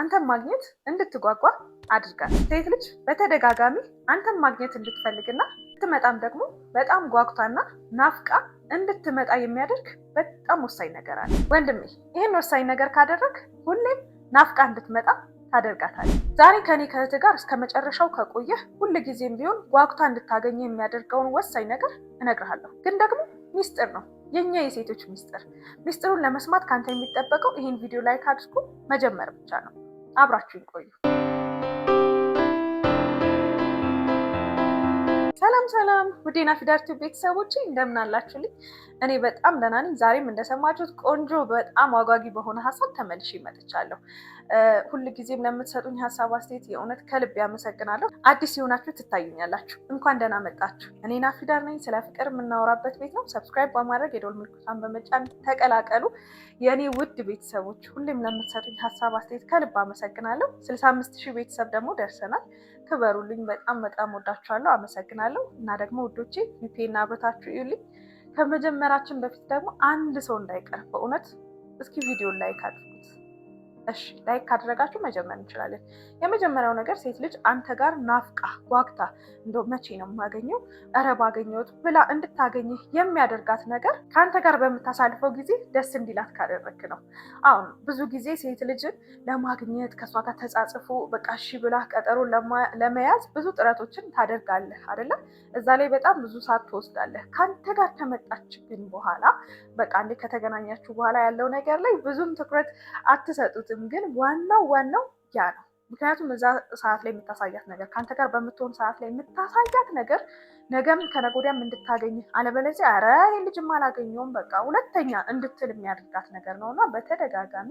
አንተን ማግኘት እንድትጓጓ አድርጋል። ሴት ልጅ በተደጋጋሚ አንተን ማግኘት እንድትፈልግና ስትመጣም ደግሞ በጣም ጓጉታና ናፍቃ እንድትመጣ የሚያደርግ በጣም ወሳኝ ነገር አለ። ወንድሜ ይህን ወሳኝ ነገር ካደረግ ሁሌም ናፍቃ እንድትመጣ ታደርጋታለህ። ዛሬ ከኔ ከእህትህ ጋር እስከ መጨረሻው ከቆየህ ጊዜም ቢሆን ጓጉታ እንድታገኘ የሚያደርገውን ወሳኝ ነገር እነግርሃለሁ። ግን ደግሞ ሚስጥር ነው የኛ የሴቶች ሚስጥር። ሚስጥሩን ለመስማት ከአንተ የሚጠበቀው ይህን ቪዲዮ ላይክ አድርጎ መጀመር ብቻ ነው። አብራችሁ ይቆዩ። ሰላም ሰላም፣ ውዴና ፊዳርቱ ቤተሰቦች እንደምን አላችሁልኝ? እኔ በጣም ደህና ነኝ። ዛሬም እንደሰማችሁት ቆንጆ በጣም አጓጊ በሆነ ሀሳብ ተመልሼ መጥቻለሁ። ጊዜም ለምትሰጡኝ ሀሳብ አስተያየት የእውነት ከልብ ያመሰግናለሁ። አዲስ የሆናችሁ ትታዩኛላችሁ፣ እንኳን ደህና መጣችሁ። እኔ ናፊዳር ነኝ። ስለ ፍቅር የምናወራበት ቤት ነው። ሰብስክራይብ በማድረግ የደወል ምልክቷን በመጫን ተቀላቀሉ። የእኔ ውድ ቤተሰቦች ሁሌም ለምትሰጡኝ ሀሳብ አስተያየት ከልብ አመሰግናለሁ። ስልሳ አምስት ሺህ ቤተሰብ ደግሞ ደርሰናል። ክበሩልኝ። በጣም በጣም ወዳችኋለሁ። አመሰግናለሁ። እና ደግሞ ውዶቼ ዩፔና በታችሁ ይዩልኝ ከመጀመራችን በፊት ደግሞ አንድ ሰው እንዳይቀር በእውነት እስኪ ቪዲዮን ላይክ አድርጉት። እሺ ላይክ ካደረጋችሁ መጀመር እንችላለን። የመጀመሪያው ነገር ሴት ልጅ አንተ ጋር ናፍቃ ጓግታ እንደ መቼ ነው የማገኘው ረ ባገኘሁት ብላ እንድታገኝህ የሚያደርጋት ነገር ከአንተ ጋር በምታሳልፈው ጊዜ ደስ እንዲላት ካደረክ ነው። አሁን ብዙ ጊዜ ሴት ልጅን ለማግኘት ከእሷ ጋር ተጻጽፎ በቃ እሺ ብላ ቀጠሮ ለመያዝ ብዙ ጥረቶችን ታደርጋለህ አይደለም? እዛ ላይ በጣም ብዙ ሰዓት ትወስዳለህ። ከአንተ ጋር ከመጣች ግን በኋላ በቃ እንዴ ከተገናኛችሁ በኋላ ያለው ነገር ላይ ብዙም ትኩረት አትሰጡትም። አልገለጽም፣ ግን ዋናው ዋናው ያ ነው። ምክንያቱም እዛ ሰዓት ላይ የምታሳያት ነገር ከአንተ ጋር በምትሆን ሰዓት ላይ የምታሳያት ነገር ነገም ከነገ ወዲያም እንድታገኝ አለበለዚያ ኧረ ልጅም አላገኘውም በቃ ሁለተኛ እንድትል የሚያደርጋት ነገር ነው እና በተደጋጋሚ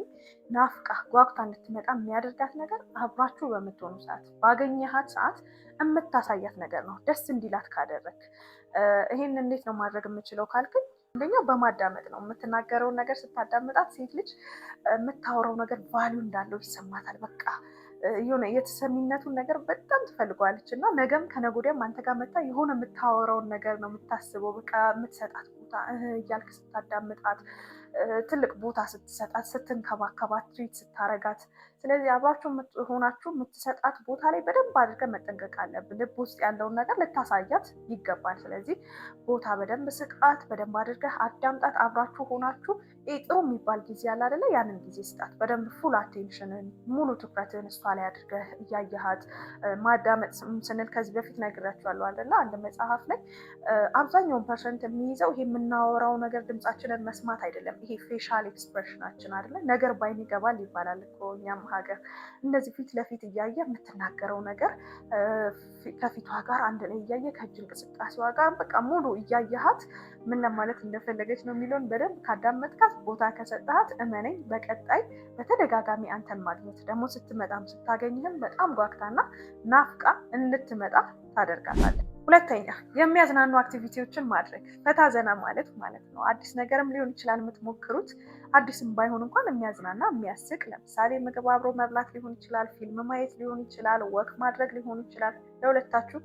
ናፍቃ ጓጉታ እንድትመጣ የሚያደርጋት ነገር አብራችሁ በምትሆኑ ሰዓት ባገኘሃት ሰዓት የምታሳያት ነገር ነው። ደስ እንዲላት ካደረግ ይሄን እንዴት ነው ማድረግ የምችለው ካልክል አንደኛው በማዳመጥ ነው። የምትናገረውን ነገር ስታዳምጣት ሴት ልጅ የምታወራው ነገር ባሉ እንዳለው ይሰማታል። በቃ የሆነ የተሰሚነቱን ነገር በጣም ትፈልገዋለች እና ነገም ከነጎዳያም አንተ ጋር መታ የሆነ የምታወራውን ነገር ነው የምታስበው። በቃ የምትሰጣት ቦታ እያልክ ስታዳምጣት ትልቅ ቦታ ስትሰጣት፣ ስትንከባከባት፣ ትሪት ስታረጋት፣ ስለዚህ አብራችሁ ሆናችሁ የምትሰጣት ቦታ ላይ በደንብ አድርገን መጠንቀቅ አለብን። ልብ ውስጥ ያለውን ነገር ልታሳያት ይገባል። ስለዚህ ቦታ በደንብ ስቃት፣ በደንብ አድርገህ አዳምጣት። አብራችሁ ሆናችሁ ይህ ጥሩ የሚባል ጊዜ ያለ አይደለ? ያንን ጊዜ ስጣት በደንብ ፉል አቴንሽንን፣ ሙሉ ትኩረትን እሷ ላይ አድርገህ እያየሃት ማዳመጥ ስንል ከዚህ በፊት ነግራችኋለሁ አይደለ? አንድ መጽሐፍ ላይ አብዛኛውን ፐርሰንት የሚይዘው ይሄ የምናወራው ነገር ድምጻችንን መስማት አይደለም ይሄ ፌሻል ኤክስፕሬሽናችን አይደለ ነገር ባይን ይገባል ይባላል እኮ እኛም ሀገር እንደዚህ ፊት ለፊት እያየ የምትናገረው ነገር ከፊቷ ጋር አንድ ላይ እያየ ከእጅ እንቅስቃሴዋ ጋር በቃ ሙሉ እያየሃት ምን ለማለት እንደፈለገች ነው የሚለውን በደንብ ካዳመጥካት፣ ቦታ ከሰጠሃት፣ እመነኝ በቀጣይ በተደጋጋሚ አንተን ማግኘት ደግሞ ስትመጣም ስታገኝህም በጣም ጓግታና ናፍቃ እንድትመጣ ታደርጋታለህ። ሁለተኛ የሚያዝናኑ አክቲቪቲዎችን ማድረግ ፈታ ዘና ማለት ማለት ነው። አዲስ ነገርም ሊሆን ይችላል የምትሞክሩት። አዲስም ባይሆን እንኳን የሚያዝናና የሚያስቅ፣ ለምሳሌ ምግብ አብሮ መብላት ሊሆን ይችላል፣ ፊልም ማየት ሊሆን ይችላል፣ ወክ ማድረግ ሊሆን ይችላል። ለሁለታችሁ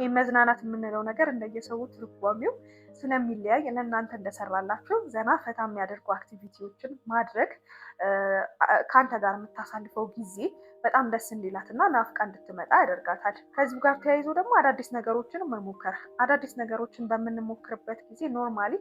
ይህ መዝናናት የምንለው ነገር እንደየሰው ትርጓሜው ስለሚለያይ ለእናንተ እንደሰራላችሁ ዘና ፈታ የሚያደርጉ አክቲቪቲዎችን ማድረግ ከአንተ ጋር የምታሳልፈው ጊዜ በጣም ደስ እንዲላት እና ናፍቃ እንድትመጣ ያደርጋታል። ከህዝብ ጋር ተያይዞ ደግሞ አዳዲስ ነገሮችን መሞከር። አዳዲስ ነገሮችን በምንሞክርበት ጊዜ ኖርማሊ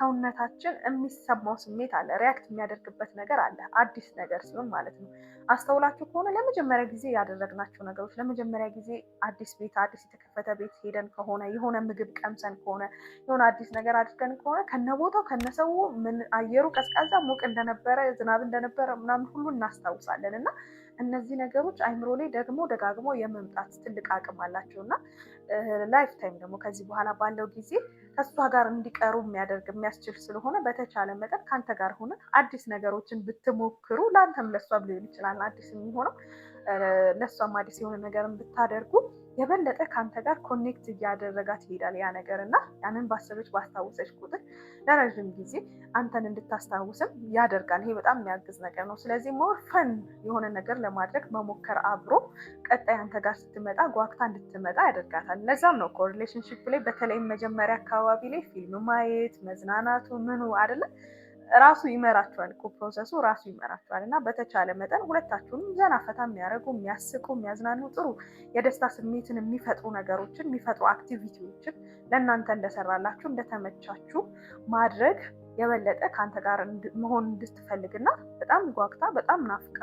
ሰውነታችን የሚሰማው ስሜት አለ፣ ሪያክት የሚያደርግበት ነገር አለ። አዲስ ነገር ሲሆን ማለት ነው። አስተውላችሁ ከሆነ ለመጀመሪያ ጊዜ ያደረግናቸው ነገሮች፣ ለመጀመሪያ ጊዜ አዲስ ቤት አዲስ የተከፈተ ቤት ሄደን ከሆነ የሆነ ምግብ ቀምሰን ከሆነ የሆነ አዲስ ነገር አድርገን ከሆነ ከነቦታው ከነሰው ምን አየሩ ቀዝቃዛ፣ ሙቅ እንደነበረ፣ ዝናብ እንደነበረ ምናምን ሁሉ እናስታውሳለን እና እነዚህ ነገሮች አይምሮ ላይ ደግሞ ደጋግሞ የመምጣት ትልቅ አቅም አላቸው እና ላይፍ ታይም ደግሞ ከዚህ በኋላ ባለው ጊዜ ከእሷ ጋር እንዲቀሩ የሚያደርግ የሚያስችል ስለሆነ በተቻለ መጠን ከአንተ ጋር ሆነ አዲስ ነገሮችን ብትሞክሩ ለአንተም ለእሷም ሊሆን ይችላል አዲስ የሚሆነው ለእሷም አዲስ የሆነ ነገርን ብታደርጉ የበለጠ ከአንተ ጋር ኮኔክት እያደረጋት ይሄዳል ያ ነገር እና ያንን ባሰበች ባስታወሰች ቁጥር ለረዥም ጊዜ አንተን እንድታስታውስም ያደርጋል። ይሄ በጣም የሚያግዝ ነገር ነው። ስለዚህ ሞር ፈን የሆነ ነገር ለማድረግ መሞከር አብሮ ቀጣይ አንተ ጋር ስትመጣ ጓግታ እንድትመጣ ያደርጋታል። ለዛም ነው ኮሪሌሽንሽፕ ላይ በተለይም መጀመሪያ አካባቢ ላይ ፊልም ማየት መዝናናቱ ምኑ አይደለም ራሱ ይመራቸዋል እኮ ፕሮሰሱ ራሱ ይመራቸዋል። እና በተቻለ መጠን ሁለታችሁንም ዘና ፈታ የሚያደርጉ የሚያስቁ፣ የሚያዝናኑ ጥሩ የደስታ ስሜትን የሚፈጥሩ ነገሮችን የሚፈጥሩ አክቲቪቲዎችን ለእናንተ እንደሰራላችሁ እንደተመቻችሁ ማድረግ የበለጠ ከአንተ ጋር መሆን እንድትፈልግና በጣም ጓግታ በጣም ናፍቃ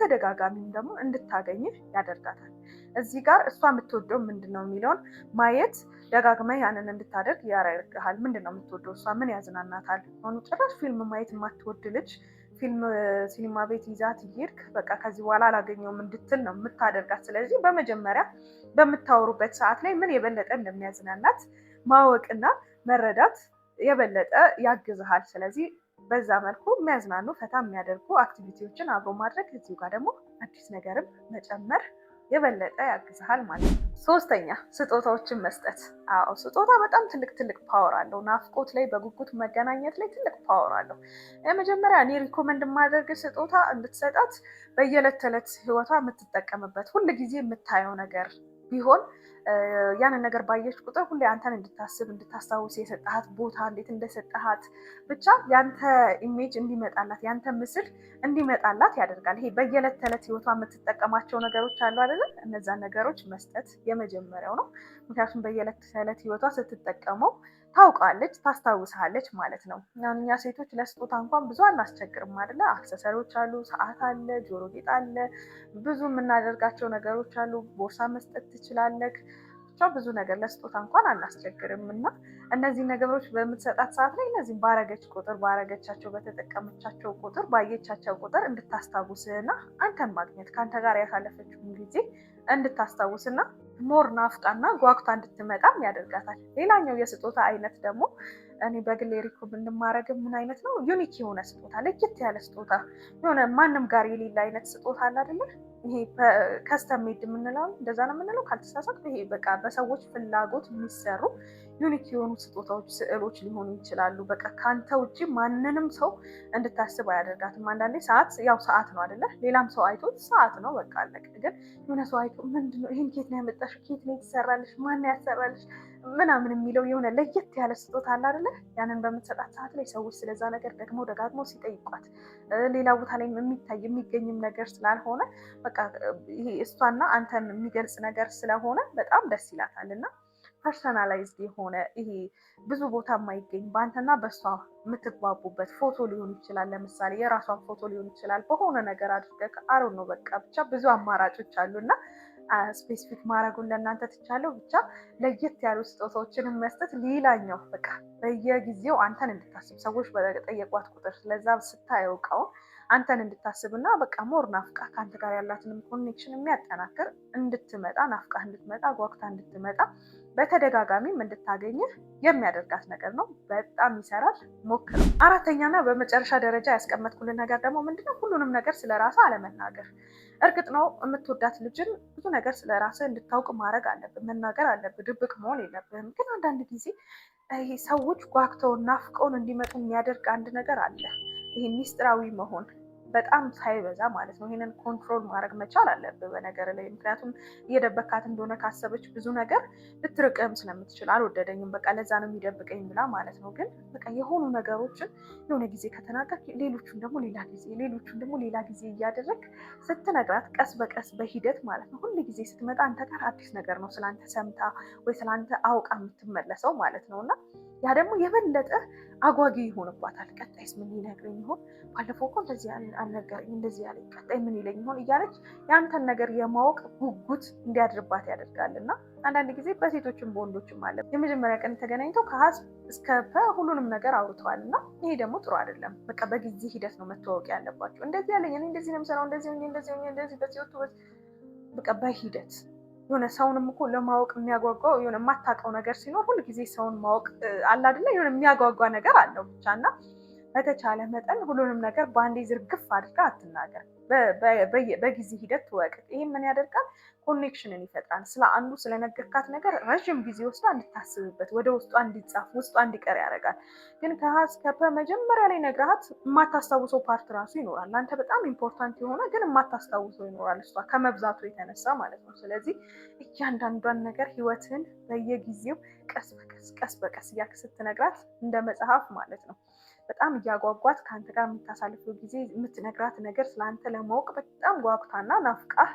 በተደጋጋሚም ደግሞ እንድታገኝህ ያደርጋታል። እዚህ ጋር እሷ የምትወደው ምንድን ነው የሚለውን ማየት ደጋግመ ያንን እንድታደርግ ያደርግሃል። ምንድን ነው የምትወደው? እሷ ምን ያዝናናታል? ሆኑ ጭራሽ ፊልም ማየት የማትወድ ልጅ ፊልም ሲኒማ ቤት ይዛት እየሄድክ በቃ ከዚህ በኋላ አላገኘውም እንድትል ነው የምታደርጋት። ስለዚህ በመጀመሪያ በምታወሩበት ሰዓት ላይ ምን የበለጠ እንደሚያዝናናት ማወቅና መረዳት የበለጠ ያግዝሃል። ስለዚህ በዛ መልኩ የሚያዝናኑ ፈታ የሚያደርጉ አክቲቪቲዎችን አብሮ ማድረግ እዚሁ ጋር ደግሞ አዲስ ነገርም መጨመር የበለጠ ያግዝሃል ማለት ነው። ሶስተኛ ስጦታዎችን መስጠት። አዎ ስጦታ በጣም ትልቅ ትልቅ ፓወር አለው። ናፍቆት ላይ በጉጉት መገናኘት ላይ ትልቅ ፓወር አለው። የመጀመሪያ እኔ ሪኮመንድ የማደርግ ስጦታ እንድትሰጣት በየዕለት ተዕለት ህይወቷ የምትጠቀምበት ጊዜ የምታየው ነገር ቢሆን ያንን ነገር ባየች ቁጥር ሁሌ አንተን እንድታስብ እንድታስታውስ የሰጠሃት ቦታ እንዴት እንደሰጠሃት ብቻ ያንተ ኢሜጅ እንዲመጣላት ያንተ ምስል እንዲመጣላት ያደርጋል። ይሄ በየዕለት ተዕለት ህይወቷ የምትጠቀማቸው ነገሮች አሉ አይደለም? እነዛን ነገሮች መስጠት የመጀመሪያው ነው። ምክንያቱም በየዕለት ተዕለት ህይወቷ ስትጠቀመው ታውቃለች፣ ታስታውሳለች ማለት ነው። እኛ ሴቶች ለስጦታ እንኳን ብዙ አናስቸግርም አይደለ? አክሰሰሪዎች አሉ፣ ሰዓት አለ፣ ጆሮ ጌጥ አለ፣ ብዙ የምናደርጋቸው ነገሮች አሉ። ቦርሳ መስጠት ትችላለህ። ብቻ ብዙ ነገር ለስጦታ እንኳን አናስቸግርም እና እነዚህ ነገሮች በምትሰጣት ሰዓት ላይ እነዚህም ባረገች ቁጥር ባረገቻቸው በተጠቀመቻቸው ቁጥር ባየቻቸው ቁጥር እንድታስታውስህና አንተን ማግኘት ከአንተ ጋር ያሳለፈችውን ጊዜ እንድታስታውስና ሞር ናፍቃና ጓጉታ እንድትመጣም ያደርጋታል። ሌላኛው የስጦታ አይነት ደግሞ እኔ በግሌ ሪኮመንድ ማድረግ ምን አይነት ነው? ዩኒክ የሆነ ስጦታ፣ ለየት ያለ ስጦታ የሆነ ማንም ጋር የሌለ አይነት ስጦታ አለ አይደለ? ይሄ ከስተም ሜድ የምንለው እንደዛ ነው የምንለው ካልተሳሳት። ይሄ በቃ በሰዎች ፍላጎት የሚሰሩ ዩኒክ የሆኑ ስጦታዎች፣ ስዕሎች ሊሆኑ ይችላሉ። በቃ ከአንተ ውጭ ማንንም ሰው እንድታስብ አያደርጋትም። አንዳንዴ ሰዓት ያው ሰዓት ነው አደለ? ሌላም ሰው አይቶ ሰዓት ነው በቃ አለቀ። ግን የሆነ ሰው አይቶ ምንድነው ይህን ኬት ነው ያመጣሽ? ኬት ነው የተሰራልሽ? ማን ያሰራልሽ? ምናምን የሚለው የሆነ ለየት ያለ ስጦታ አለ አደለ? ያንን በምትሰጣት ሰዓት ላይ ሰዎች ስለዛ ነገር ደግሞ ደጋግሞ ሲጠይቋት ሌላ ቦታ ላይ የሚታይ የሚገኝም ነገር ስላልሆነ በቃ ይሄ እሷና አንተን የሚገልጽ ነገር ስለሆነ በጣም ደስ ይላታል እና ፐርሰናላይዝድ የሆነ ይሄ ብዙ ቦታ የማይገኝ በአንተና በእሷ የምትግባቡበት ፎቶ ሊሆን ይችላል። ለምሳሌ የራሷን ፎቶ ሊሆን ይችላል። በሆነ ነገር አድርገህ አሮ ነው በቃ ብቻ ብዙ አማራጮች አሉ እና ስፔሲፊክ ማድረጉን ለእናንተ ትቻለው። ብቻ ለየት ያሉ ስጦታዎችን መስጠት ሌላኛው በቃ በየጊዜው አንተን እንድታስብ ሰዎች በጠየቋት ቁጥር ስለዛ ስታየው አንተን እንድታስብ እና በቃ ሞር ናፍቃ ከአንተ ጋር ያላትንም ኮኔክሽን የሚያጠናክር እንድትመጣ ናፍቃ እንድትመጣ ጓግታ እንድትመጣ በተደጋጋሚም እንድታገኝህ የሚያደርጋት ነገር ነው። በጣም ይሰራል፣ ሞክረው። አራተኛና በመጨረሻ ደረጃ ያስቀመጥኩልን ነገር ደግሞ ምንድነው? ሁሉንም ነገር ስለ ራስህ አለመናገር። እርግጥ ነው የምትወዳት ልጅን ብዙ ነገር ስለ ራስህ እንድታውቅ ማድረግ አለብህ፣ መናገር አለብህ፣ ድብቅ መሆን የለብህም። ግን አንዳንድ ጊዜ ይሄ ሰዎች ጓግተውን ናፍቀውን እንዲመጡ የሚያደርግ አንድ ነገር አለ፣ ይሄ ሚስጥራዊ መሆን በጣም ሳይበዛ ማለት ነው። ይህንን ኮንትሮል ማድረግ መቻል አለብህ በነገር ላይ ምክንያቱም እየደበካት እንደሆነ ካሰበች ብዙ ነገር ልትርቅም ስለምትችል አልወደደኝም፣ በቃ ለዛ ነው የሚደብቀኝ ብላ ማለት ነው። ግን በቃ የሆኑ ነገሮችን የሆነ ጊዜ ከተናገር ሌሎቹን ደግሞ ሌላ ጊዜ ሌሎቹን ደግሞ ሌላ ጊዜ እያደረግ ስትነግራት ቀስ በቀስ በሂደት ማለት ነው ሁሉ ጊዜ ስትመጣ አንተ ጋር አዲስ ነገር ነው ስለአንተ ሰምታ ወይ ስለአንተ አውቃ የምትመለሰው ማለት ነው እና ያ ደግሞ የበለጠ አጓጊ ይሆንባታል። ቀጣይስ ምን ይነግረኝ ይሆን? ባለፈው እኮ እንደዚህ አልነገረኝ እንደዚህ ያለኝ ቀጣይ ምን ይለኝ ይሆን እያለች የአንተን ነገር የማወቅ ጉጉት እንዲያድርባት ያደርጋል። እና አንዳንድ ጊዜ በሴቶችም በወንዶችም አለ። የመጀመሪያ ቀን ተገናኝተው ከሀዝ እስከ ሁሉንም ነገር አውርተዋል። እና ይሄ ደግሞ ጥሩ አይደለም። በቃ በጊዜ ሂደት ነው መተዋወቅ ያለባቸው። እንደዚህ ያለኝ እኔ እንደዚህ ነው የምሰራው እንደዚህ እንደዚህ እንደዚህ በቃ በሂደት የሆነ ሰውንም እኮ ለማወቅ የሚያጓጓው የሆነ የማታውቀው ነገር ሲኖር ሁልጊዜ ሰውን ማወቅ አለ አይደለ? የሆነ የሚያጓጓ ነገር አለው ብቻ እና በተቻለ መጠን ሁሉንም ነገር በአንዴ ዝርግፍ አድርጋ አትናገር። በጊዜ ሂደት ትወቅት። ይህም ምን ያደርጋል? ኮኔክሽንን ይፈጥራል። ስለ አንዱ ስለነገርካት ነገር ረዥም ጊዜ ወስዳ እንድታስብበት፣ ወደ ውስጧ እንዲጻፍ፣ ውስጧ እንዲቀር ያደርጋል። ግን ከሀስ መጀመሪያ ላይ ነግርሃት የማታስታውሰው ፓርት ራሱ ይኖራል። ለአንተ በጣም ኢምፖርታንት የሆነ ግን የማታስታውሰው ይኖራል፣ እሷ ከመብዛቱ የተነሳ ማለት ነው። ስለዚህ እያንዳንዷን ነገር ህይወትን በየጊዜው ቀስ በቀስ ቀስ በቀስ እያልክ ስትነግራት እንደ መጽሐፍ ማለት ነው። በጣም እያጓጓት ከአንተ ጋር የምታሳልፈው ጊዜ የምትነግራት ነገር ስለአንተ ለማወቅ በጣም ጓጉታና ናፍቃህ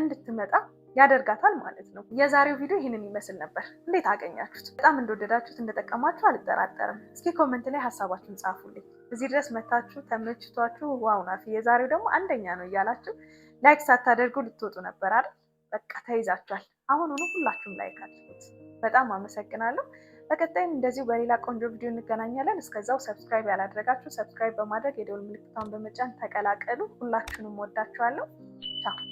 እንድትመጣ ያደርጋታል ማለት ነው። የዛሬው ቪዲዮ ይህንን ይመስል ነበር። እንዴት አገኛችሁት? በጣም እንደወደዳችሁት እንደጠቀማችሁ አልጠራጠርም። እስኪ ኮመንት ላይ ሀሳባችሁን ጻፉልኝ። እዚህ ድረስ መታችሁ ተመችቷችሁ፣ ዋው የዛሬው ደግሞ አንደኛ ነው እያላችሁ ላይክ ሳታደርጉ ልትወጡ ነበር አይደል? በቃ ተይዛችኋል። አሁን ሆኖ ሁላችሁም ላይክ አድርጉት። በጣም አመሰግናለሁ። በቀጣይም እንደዚሁ በሌላ ቆንጆ ቪዲዮ እንገናኛለን። እስከዛው ሰብስክራይብ ያላደረጋችሁ ሰብስክራይብ በማድረግ የደወል ምልክቷን በመጫን ተቀላቀሉ። ሁላችሁንም ወዳችኋለሁ። ቻው